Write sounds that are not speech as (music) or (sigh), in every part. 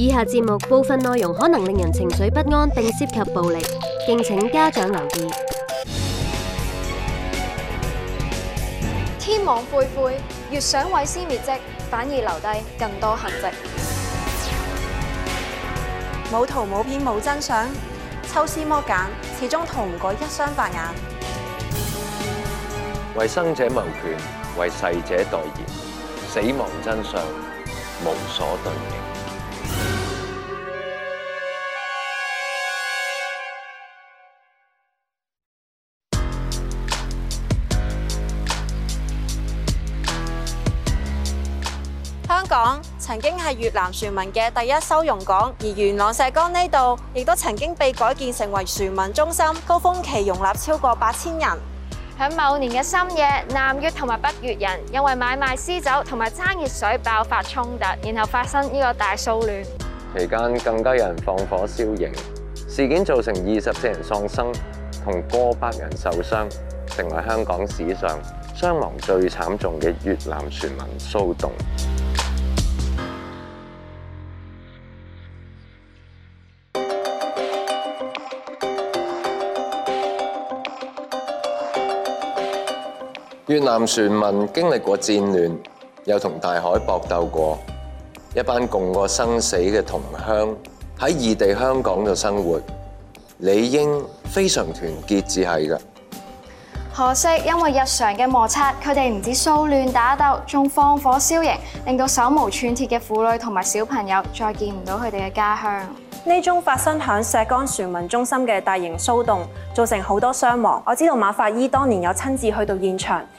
以下節目部分內容可能令人情緒不安，並涉及暴力，敬請家長留意。天網恢恢，越想毀屍滅跡，反而留低更多痕跡。冇圖冇片冇真相，抽絲剝繭，始終逃唔過一雙法眼。為生者謀權，為逝者代言，死亡真相無所遁形。曾經係越南船民嘅第一收容港，而元朗石崗呢度亦都曾經被改建成為船民中心，高峰期容納超過八千人。喺某年嘅深夜，南越同埋北越人因為買賣私酒同埋爭熱水爆發衝突，然後發生呢個大騷亂。期間更加有人放火燒營，事件造成二十四人喪生同過百人受傷，成為香港史上傷亡最慘重嘅越南船民騷動。越南船民經歷過戰亂，又同大海搏鬥過，一班共過生死嘅同鄉喺異地香港度生活，理應非常團結至係噶。可惜因為日常嘅摩擦，佢哋唔止騷亂打鬥，仲放火燒營，令到手無寸鐵嘅婦女同埋小朋友再見唔到佢哋嘅家鄉。呢宗發生響石崗船民中心嘅大型騷動，造成好多傷亡。我知道馬法醫當年有親自去到現場。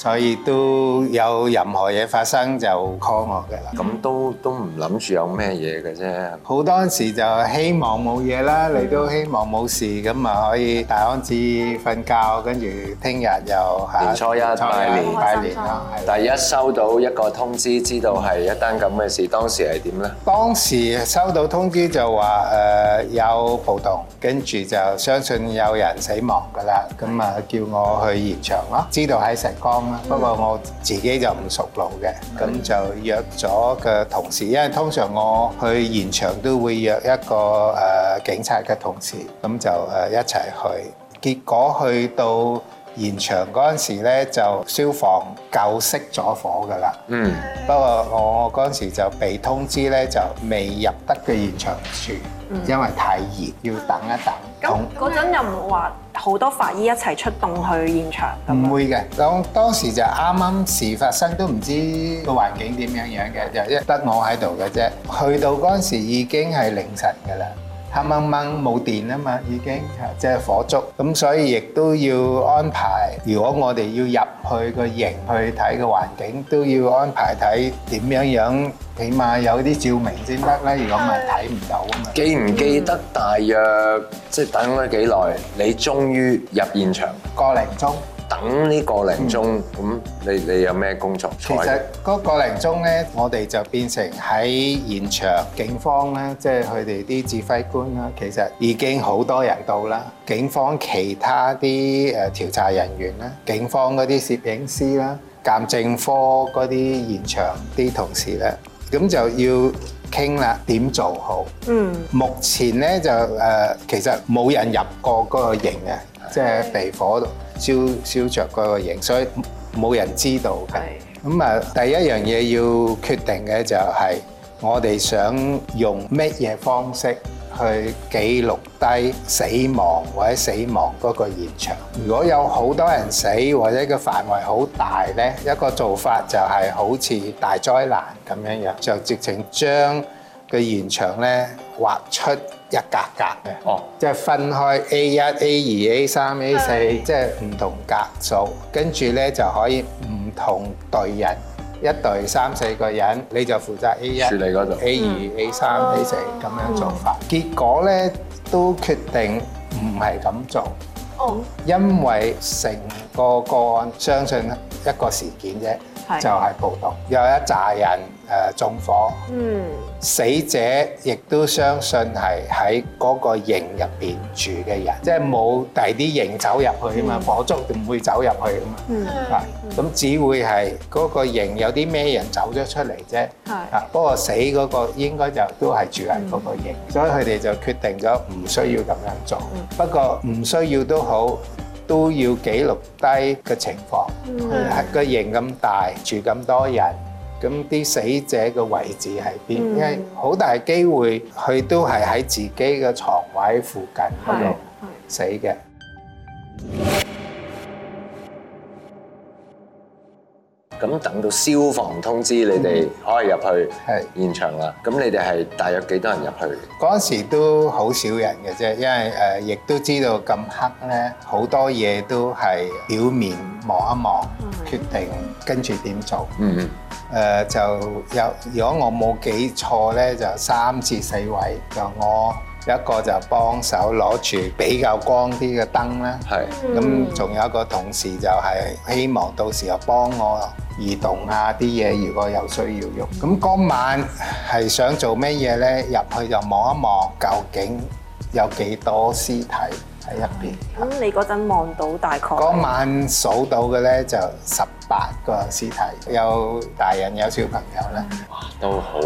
所以都有任何嘢發生就 call 我嘅啦。咁都都唔諗住有咩嘢嘅啫。好多時就希望冇嘢啦，你都希望冇事，咁啊可以大安子瞓覺，跟住聽日又年初一拜年拜年咯。但係一收到一個通知，知道係一單咁嘅事，當時係點咧？當時收到通知就話誒有暴動，跟住就相信有人死亡嘅啦。咁啊叫我去現場咯，知道喺石崗。Mm hmm. 不過我自己就唔熟路嘅，咁就約咗個同事，因為通常我去現場都會約一個誒、呃、警察嘅同事，咁就誒、呃、一齊去。結果去到現場嗰陣時呢，就消防救熄咗火㗎啦。嗯、mm。Hmm. 不過我嗰陣時就被通知呢，就未入得嘅現場住，mm hmm. 因為太熱，要等一等。咁嗰陣又唔話好多法醫一齊出動去現場，唔會嘅。當、嗯、當時就啱啱事發生都唔知個環境點樣樣嘅，就一得我喺度嘅啫。去到嗰陣時已經係凌晨㗎喇。黑掹掹冇電啊嘛，已經即係火燭，咁所以亦都要安排。如果我哋要入去個營去睇個環境，都要安排睇點樣樣，起碼有啲照明先得啦。如果唔係睇唔到啊嘛。是嗯、記唔記得大約即係、即係、等咗幾耐？你終於入現場個零鐘。等呢個零鐘，咁你你有咩工作？其實嗰個零鐘咧，我哋就變成喺現場，警方咧，即係佢哋啲指揮官啦。其實已經好多人到啦，警方其他啲誒調查人員啦，警方嗰啲攝影師啦，鑑證科嗰啲現場啲同事咧，咁就要傾啦，點做好？嗯，目前咧就誒，其實冇人入過嗰個營嘅，即係被火。燒燒灼嗰個型，所以冇人知道嘅。咁啊的、嗯，第一樣嘢要決定嘅就係我哋想用乜嘢方式去記錄低死亡或者死亡嗰個現場。如果有好多人死或者個範圍好大呢，一個做法就係好似大災難咁樣樣，就直情將個現場呢畫出。一格格嘅，哦，即係分開 A 一、A 二、A 三、A 四，即係唔同格數，跟住咧就可以唔同隊人，一隊三四個人，你就負責 A 一、A 二、A 三、A 四咁樣做法。結果咧都決定唔係咁做，哦，因為成個個案相信一個事件啫，就係暴動，有一紮人。誒縱火，死者亦都相信係喺嗰個營入邊住嘅人，即係冇第啲營走入去啊嘛，火燭唔會走入去啊嘛，啊咁只會係嗰個營有啲咩人走咗出嚟啫，啊不過死嗰個應該就都係住喺嗰個營，所以佢哋就決定咗唔需要咁樣做，不過唔需要都好，都要記錄低嘅情況，個營咁大住咁多人。咁啲死者嘅位置喺邊？因為好大機會，佢都係喺自己嘅牀位附近嗰度死嘅。咁等到消防通知你哋可以入去現場啦。咁你哋係大約幾多人入去？嗰時都好少人嘅啫，因為誒亦都知道咁黑咧，好多嘢都係表面望一望。決定跟住點做，誒、 (noise) 呃、就有，如果我冇記錯咧，就三至四位，就我一個就幫手攞住比較光啲嘅燈啦。係，咁 (noise) 仲有一個同事就係希望到時候幫我移動下啲嘢，如果有需要用。咁嗰晚係想做咩嘢咧？入去就望一望究竟有幾多屍體。喺入邊。咁你嗰陣望到大概到大？嗰晚數到嘅咧就十八個屍體，有大人有小朋友咧。哇，都好，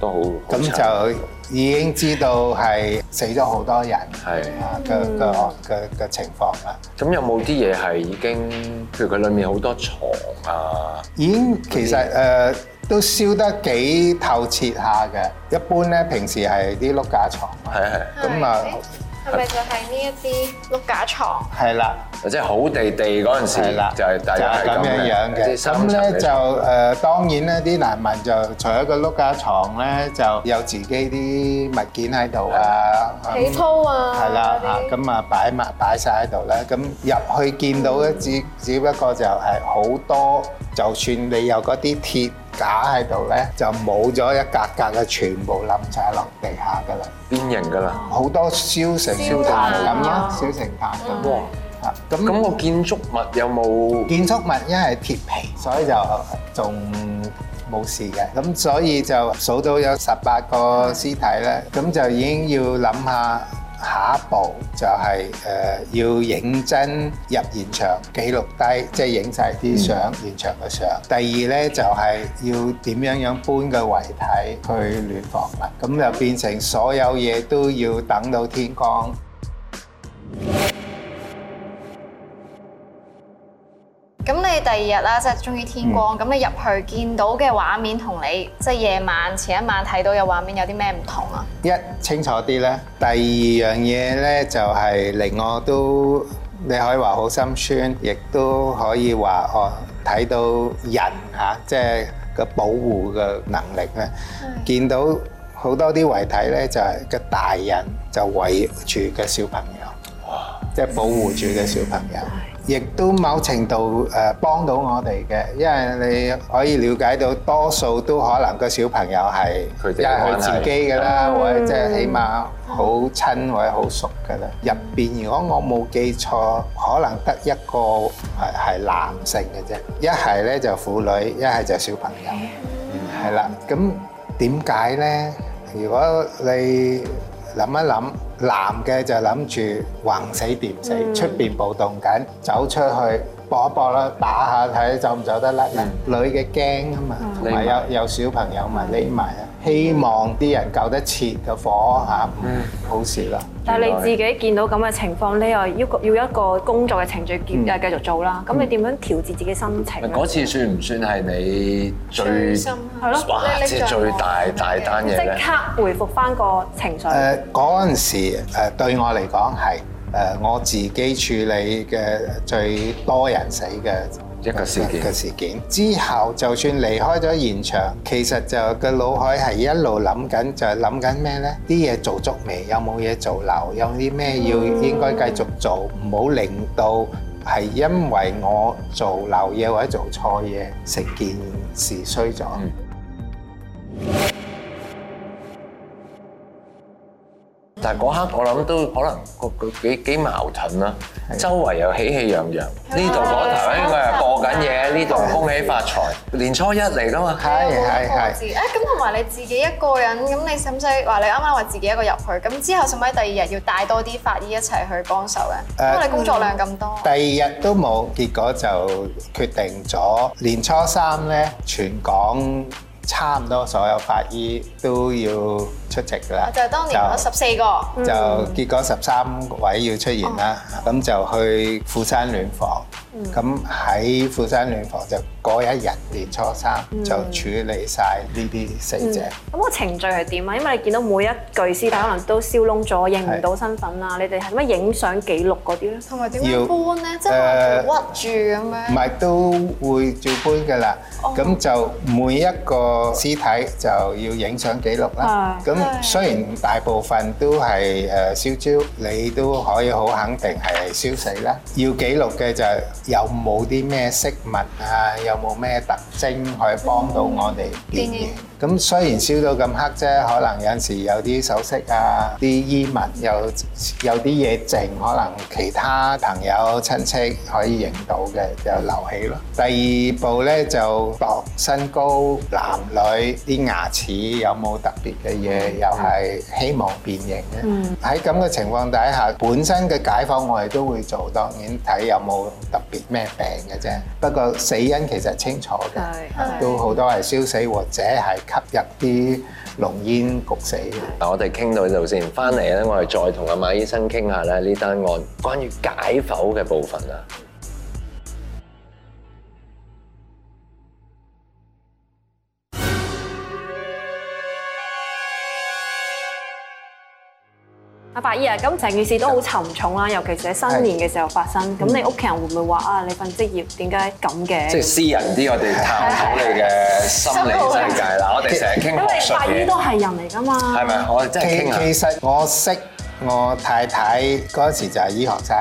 都好。咁就已經知道係死咗好多人。係呀。個個個個情況啦。咁有冇啲嘢係已經？譬如佢裡面好多床啊。已經其實誒都燒得幾透徹下嘅。一般咧，平時係啲碌架床，係係呀。咁啊就。係咪就係呢一啲碌架床？係啦了，或者好地地嗰陣時了，就係大家咁樣樣嘅。咁咧就誒，當然咧啲難民就除咗個碌架床咧，就有自己啲物件喺度、嗯、那啊，起操啊，嗰啲咁啊擺埋擺晒喺度咧，咁入去見到咧，只只不過就係好多，就算你有嗰啲鐵。架喺度咧，就冇咗一格格嘅，全部冧晒落地下㗎喇，變形㗎喇，好多燒成燒炭咁咯，燒成炭咁。啊，咁咁個建築物有冇？建築物因為係鐵皮，所以就仲冇事嘅。咁所以就數到有十八個屍體咧，咁、嗯、就已經要諗下。下一步就係、是、誒、呃、要認真入現場記錄低，即係影晒啲相、嗯、現場嘅相。第二咧就係、是、要點樣樣搬個遺體去殮房啦。咁、嗯、就變成所有嘢都要等到天光。咁你第二日啦，即係終於天光，咁、嗯、你入去見到嘅畫面同你即係夜晚前一晚睇到嘅畫面有啲咩唔同啊？一清楚啲咧，第二樣嘢咧就係令我都你可以話好心酸，亦都可以話哦，睇到人吓，即係個保護嘅能力咧，是的 見到好多啲遺體咧就係個大人就圍住個小朋友，哇 即係保護住嘅小朋友。亦都某程度誒幫到我哋嘅，因為你可以了解到多數都可能個小朋友係，佢自己㗎啦，或者即係起碼好親或者好熟㗎啦。入邊、嗯、如果我冇記錯，可能得一個係係男性嘅啫，一係咧就婦女，一係就小朋友，係啦、嗯。咁點解呢？如果你諗一諗，男嘅就諗住橫死掂死，出邊暴動緊，走出去搏一搏啦，打下睇走唔走得甩啦。女嘅驚啊嘛，同埋有有小朋友嘛，匿埋。希望啲人救得切個火嚇，唔好蝕啦。事但係你自己見到咁嘅情況，你又要要一個工作嘅程序，又係繼續做啦。咁、嗯、你點樣調節自己心情？嗰、嗯、次算唔算係你最係咯？即係最大大單嘅？即刻回復返個情緒。誒、呃，嗰陣時誒對我嚟講係誒我自己處理嘅最多人死嘅，一個事件，之後就算離開咗現場，其實就個腦海係一路諗緊，就係諗緊咩呢？啲嘢做足未？有冇嘢做漏？有啲咩要應該繼續做？唔好令到係因為我做漏嘢或者做錯嘢，成件事衰咗。嗱，嗰刻我諗都可能個個幾幾矛盾啦，周圍又喜氣洋洋，呢度嗰頭應該又過緊嘢，呢度恭喜發財，年初一嚟㗎嘛，係係係。誒咁同埋你自己一個人，咁你使唔使話你啱啱話自己一個入去？咁之後使唔使第二日要帶多啲法醫一齊去幫手咧？因為你工作量咁多。第二日都冇，結果就決定咗年初三咧全港。差唔多所有法醫都要出席㗎啦，就當年有十四個，就結果十三位要出現啦，咁、嗯、就去富山暖房。咁喺富山殮房就嗰一日年初三就處理晒呢啲死者。咁個程序係點啊？因為你見到每一具屍體可能都燒燶咗，認唔到身份啊！你哋係點樣影相記錄嗰啲咧？同埋點樣搬咧？即係屈住咁樣。唔係都會照搬㗎啦。咁就每一個屍體就要影相記錄啦。咁雖然大部分都係誒燒焦，你都可以好肯定係燒死啦。要記錄嘅就係。有冇啲咩飾物啊？有冇咩特徵可以幫到我哋辨認？咁雖然燒到咁黑啫，可能有陣時有啲首飾啊、啲衣物，有有啲嘢淨，可能其他朋友親戚可以影到嘅，就留起咯。第二步呢就度身高、男女，啲牙齒有冇特別嘅嘢，又係希望辨認嘅。喺咁嘅情況底下，本身嘅解剖我哋都會做，當然睇有冇特別咩病嘅啫，不過死因其實清楚嘅，都好多係燒死或者係吸入啲濃煙焗死嘅。嗱，的我哋傾到呢度先，翻嚟咧，我哋再同阿馬醫生傾下咧呢單案關於解剖嘅部分啊。啊，咁成件事都好沉重啦，尤其是喺新年嘅時候發生。咁的你屋企人會唔會話啊？你份職業點解咁嘅？即係私人啲，我哋探討你嘅心理世界啦。我哋成日傾，因為法醫都係人嚟㗎嘛。係咪？我哋即係傾。其實我識。我太太嗰時就係醫學生，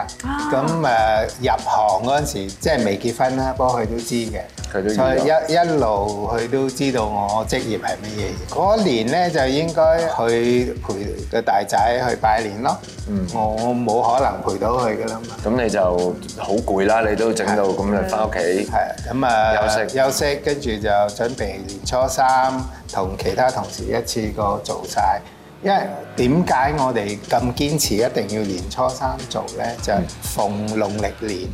咁誒入行嗰陣時即係未結婚啦，不過佢都知嘅，佢都一一路佢都知道我職業係乜嘢。嗰年咧就應該去陪個大仔去拜年咯，我冇可能陪到佢㗎喇嘛。咁你就好攰啦，你都整到咁就返屋企，係咁誒休息，休息跟住就準備年初三同其他同事一次過做晒。因為點解我哋咁堅持一定要年初三做呢？就係、逢農曆年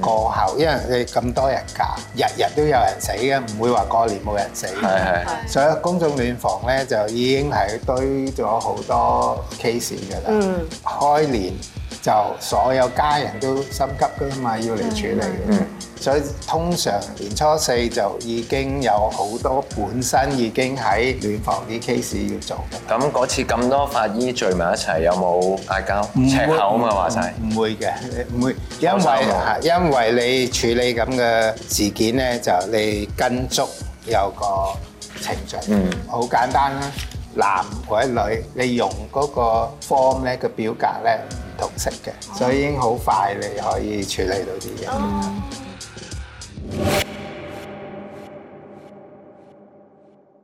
過後，嗯嗯、因為你咁多人假，日日都有人死嘅，唔會話過年冇人死。係係，所以公眾殮房呢，就已經係堆咗好多 case 嘅啦。嗯、開年。就所有家人都心急㗎嘛，要嚟處理。嗯，所以通常年初四就已經有好多本身已經喺殮房啲 case 要做。咁嗰次咁多法醫聚埋一齊，有冇嗌交、赤口啊？嘛話曬。唔會嘅，唔會。因為，因為你處理咁嘅事件咧，就你跟足有個程序。嗯，好簡單啦，男或者女，你用嗰個 form 咧，個表格咧。同食嘅，所以已經好快你可以處理到啲嘢。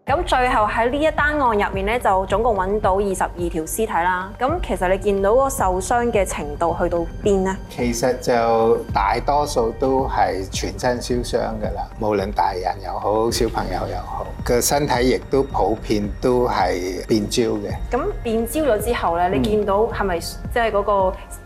咁最後喺呢一單案入面咧，就總共揾到二十二條屍體啦。咁其實你見到個受傷嘅程度去到邊呢？其實就大多數都係全身燒傷嘅啦，無論大人又好，小朋友又好，個身體亦都普遍都係變焦嘅。咁、嗯、變焦咗之後咧，你見到係咪即係嗰個？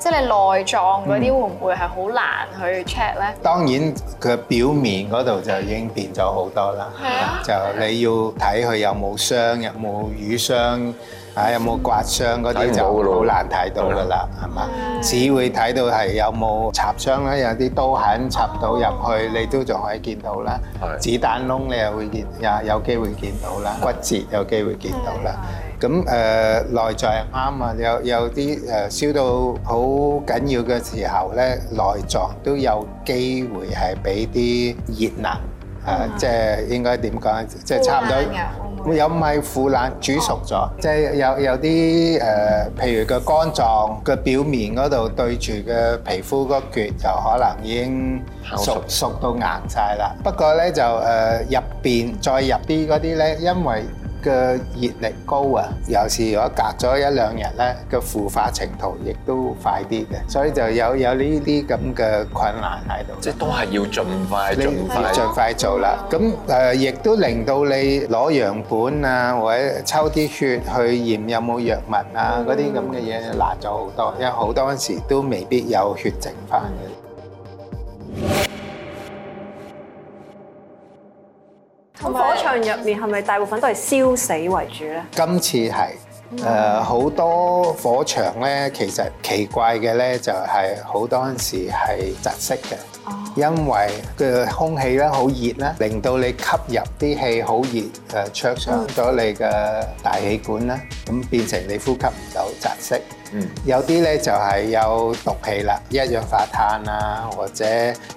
即係你內臟嗰啲會唔會係好難去 check 咧？當然，佢表面嗰度就已經變咗好多啦。係啊，就你要睇佢有冇傷，有冇瘀傷，啊有冇刮傷嗰啲就好難睇到噶啦，係嘛？只會睇到係有冇插傷啦，有啲刀痕插到入去，你都仲可以見到啦。係，子彈窿你又會見，又有機會見到啦。骨折有機會見到啦。咁誒內在啱啊。有有啲誒燒到好緊要嘅時候咧，內臟都有機會係俾啲熱能，誒即係應該點講？即係差唔多，有唔係腐爛煮熟咗？即係有有啲誒，譬如個肝臟嘅表面嗰度對住嘅皮膚嗰橛，就可能已經熟熟到硬晒啦。不過咧就誒入邊再入啲嗰啲咧，因為嘅熱力高啊，尤其如果隔咗一兩日咧，個腐化程度亦都快啲嘅，所以就有有呢啲咁嘅困難喺度。即係都係要盡快、盡快、盡快做啦。咁誒，亦都令到你攞樣本啊，或者抽啲血去驗有冇藥物啊，嗰啲咁嘅嘢難咗好多。因為好多時都未必有血整翻嘅。入面係咪大部分都係燒死為主咧？今次係誒好多火場咧，其實奇怪嘅咧就係好多時係窒息嘅，因為嘅空氣咧好熱啦，令到你吸入啲氣好熱誒，灼傷咗你嘅大氣管啦，咁變成你呼吸唔到窒息。Mm hmm. 有啲咧就係有毒氣啦，一氧化碳啊，或者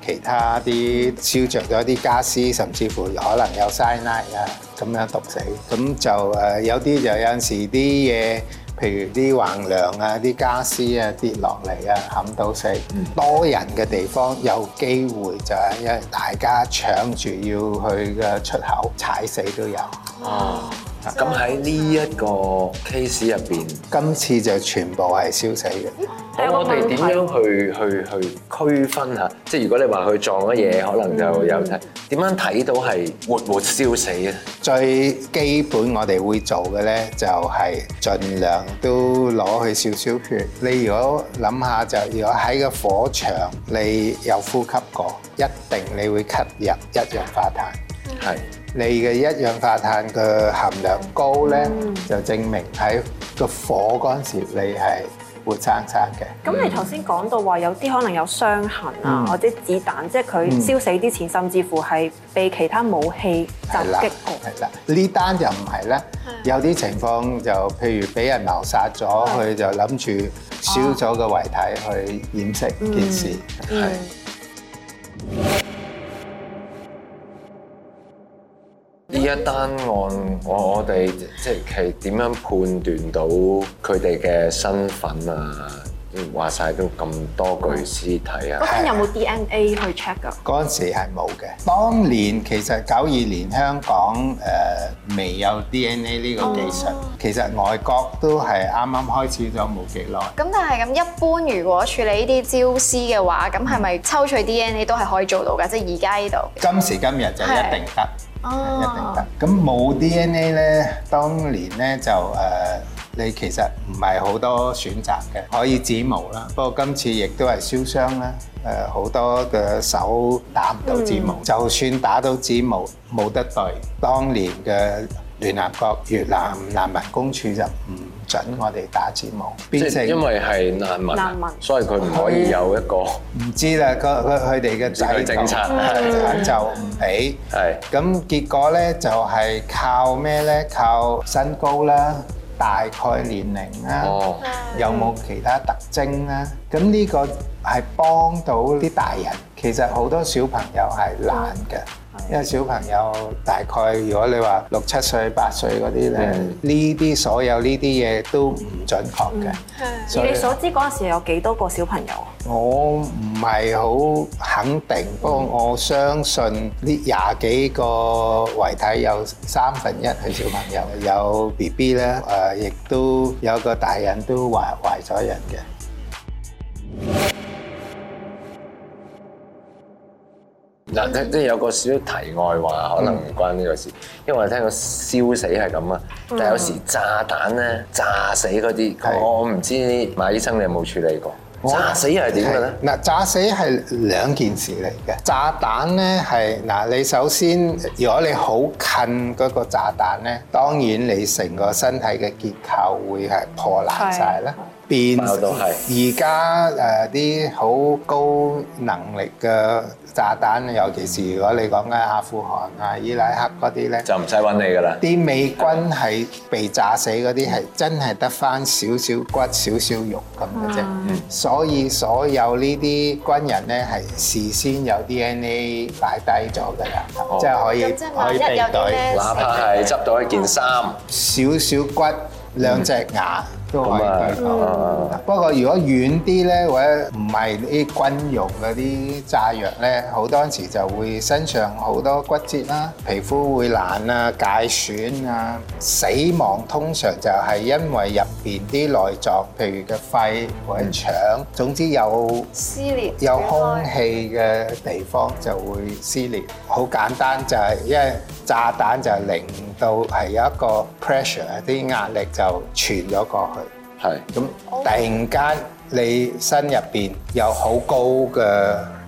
其他啲燒着咗啲傢俬，甚至乎可能有山埃啊，咁樣毒死。咁就誒有啲就有陣時啲嘢，譬如啲橫梁啊、啲傢俬啊跌落嚟啊，冚到死。Mm hmm. 多人嘅地方有機會就係因為大家搶住要去嘅出口踩死都有。Mm hmm. 咁喺呢一個 case 入邊，今次就全部係燒死嘅。好、嗯，我哋點樣去是去去，去區分嚇？嗯、即係如果你話佢撞咗嘢，嗯、可能就有睇。點、嗯、樣睇到係活活燒死咧？最基本我哋會做嘅咧，就係、是、盡量都攞去少少血。你如果諗下就，如果喺個火場你有呼吸過，一定你會吸入一氧化碳。係、嗯。你嘅一氧化碳嘅含量高咧，就證明喺個火嗰陣時你係活生生嘅。咁你頭先講到話有啲可能有傷痕啊，或者子彈，即係佢燒死之前，甚至乎係被其他武器襲擊過。呢單就唔係咧，有啲情況就譬如俾人謀殺咗，佢就諗住燒咗個遺體去掩飾件事係。一單案，我我哋即係點樣判斷到佢哋嘅身份啊？話晒都咁多具屍體啊！嗰陣有冇 D N A 去 check 㗎？嗰陣時係冇嘅。當年其實九二年香港，誒未有 D N A 呢個技術，其實外國都係啱啱開始咗冇幾耐。咁但係咁，一般如果處理呢啲焦屍嘅話，咁係咪抽取 D N A 都係可以做到㗎？即係而家呢度，今時今日就一定得。一定得。咁冇 DNA 咧，當年咧就誒，你其實唔係好多選擇嘅，可以指模啦。不過今次亦都係燒傷啦，誒好多嘅手打唔到指模，就算打到指模，冇得對。當年嘅聯合國越南難民公署就唔。我哋打字幕變成，因為係難民，所以佢唔可以有一個唔知啦。佢佢佢哋嘅仔政策就唔俾，係咁結果呢就係靠咩呢？靠身高啦，大概年齡啦，有冇其他特徵啦，咁呢個係幫到啲大人。其實好多小朋友係懶嘅。因為小朋友大概如果你話六七歲、八歲嗰啲咧，呢啲、嗯、所有呢啲嘢都唔準確嘅。嗯、所以你所知嗰陣時有幾多個小朋友？我唔係好肯定，不過我相信呢廿幾個遺體有三分一係小朋友，有 B B 啦，誒亦都有個大人都懷懷咗人嘅。嗱，即即、嗯、有個少少題外話，可能唔關呢個事，嗯、因為我聽過燒死係咁啊，嗯、但係有時炸彈咧炸死嗰啲，是我唔知馬醫生你有冇處理過？哇炸死又係點嘅咧？嗱，炸死係兩件事嚟嘅，炸彈咧係嗱，你首先如果你好近嗰個炸彈咧，當然你成個身體嘅結構會係破爛晒啦。然後都係而家誒啲好高能力嘅炸彈，尤其是如果你講緊阿富汗啊、伊拉克嗰啲咧，就唔使揾你噶啦。啲美軍係被炸死嗰啲係真係得翻少少骨、少少肉咁嘅啫。所以所有呢啲軍人咧係事先有 DNA 擺低咗㗎啦，即係可以可以比對，哪怕係執到一件衫，少少骨、兩隻牙。嗯、不過如果遠啲呢，或者唔係啲軍用嗰啲炸藥呢，好多時就會身上好多骨折啦，皮膚會爛啊、界損啊，死亡通常就係因為入邊啲內臟，譬如嘅肺或者腸，總之有撕裂、有空氣嘅地方就會撕裂。好裂簡單就係因為，炸彈就令到係有一個 pressure，啲壓力就傳咗過去。係咁突然間，你身入邊有好高嘅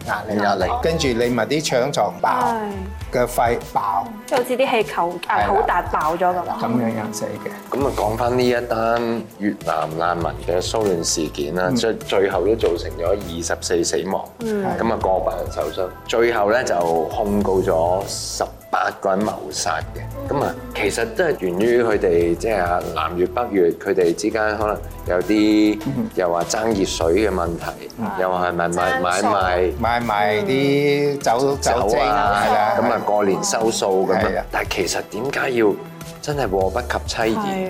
壓力，壓力跟住你咪啲腸臟爆嘅肺爆，即係好似啲氣球壓好大爆咗咁啊！咁樣死嘅。咁啊，講翻呢一單越南難民嘅騷亂事件啦，即係最後都造成咗二十四死亡，咁啊過百人受傷，最後咧就控告咗十八個人謀殺嘅，咁、嗯、啊，其實都係源於佢哋，即係啊南越北越佢哋之間可能有啲，又話爭熱水嘅問題，嗯、又話係咪買買買買買啲酒精酒啊，咁啊對過年收數咁啊，對對但係其實點解要真係禍不及妻兒？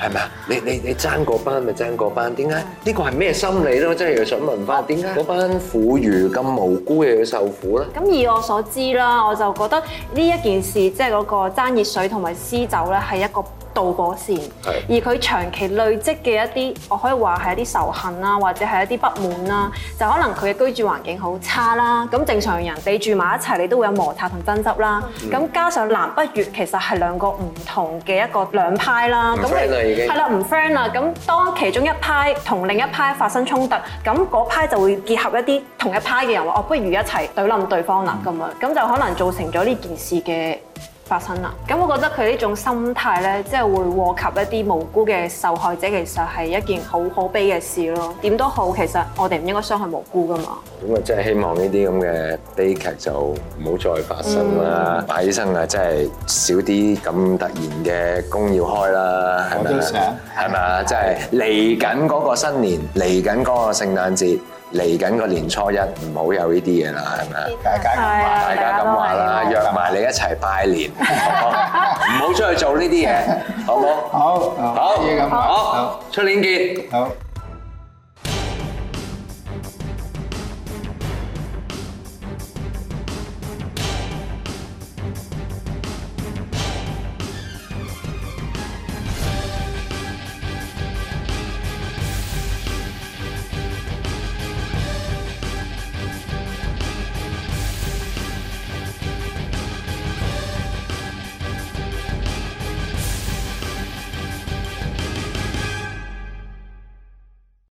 係咪啊？你你你爭嗰班咪爭嗰班？點解呢個係咩心理咧？我真係又想問翻，點解嗰班婦孺咁無辜又要受苦咧？咁、嗯、以我所知啦，我就覺得呢一件事，即係嗰個爭熱水同埋私酒咧，係一個。渡過線，是而佢長期累積嘅一啲，我可以話係一啲仇恨啦，或者係一啲不滿啦，就可能佢嘅居住環境好差啦。咁正常人地住埋一齊，你都會有摩擦同爭執啦。咁加上南北越其實係兩個唔同嘅一個兩派啦，咁係啦係啦唔 friend 啦。咁當其中一派同另一派發生衝突，咁嗰派就會結合一啲同一派嘅人話，哦不如一齊對冧對方啦咁樣，咁就可能造成咗呢件事嘅。發生啦，咁我覺得佢呢種心態咧，即係會禍及一啲無辜嘅受害者，其實係一件好可悲嘅事咯。點都好，其實我哋唔應該傷害無辜噶嘛。咁啊，即係希望呢啲咁嘅悲劇就唔好再發生啦。馬醫、嗯、生啊，真係少啲咁突然嘅工要開啦，係咪啊？係咪啊？即係嚟緊嗰個新年，嚟緊嗰個聖誕節。嚟緊個年初一，唔好有呢啲嘢啦，係咪？大家，大家咁話啦，約埋你一齊拜年，唔好出去做呢啲嘢，好唔好？好好，出年見。好。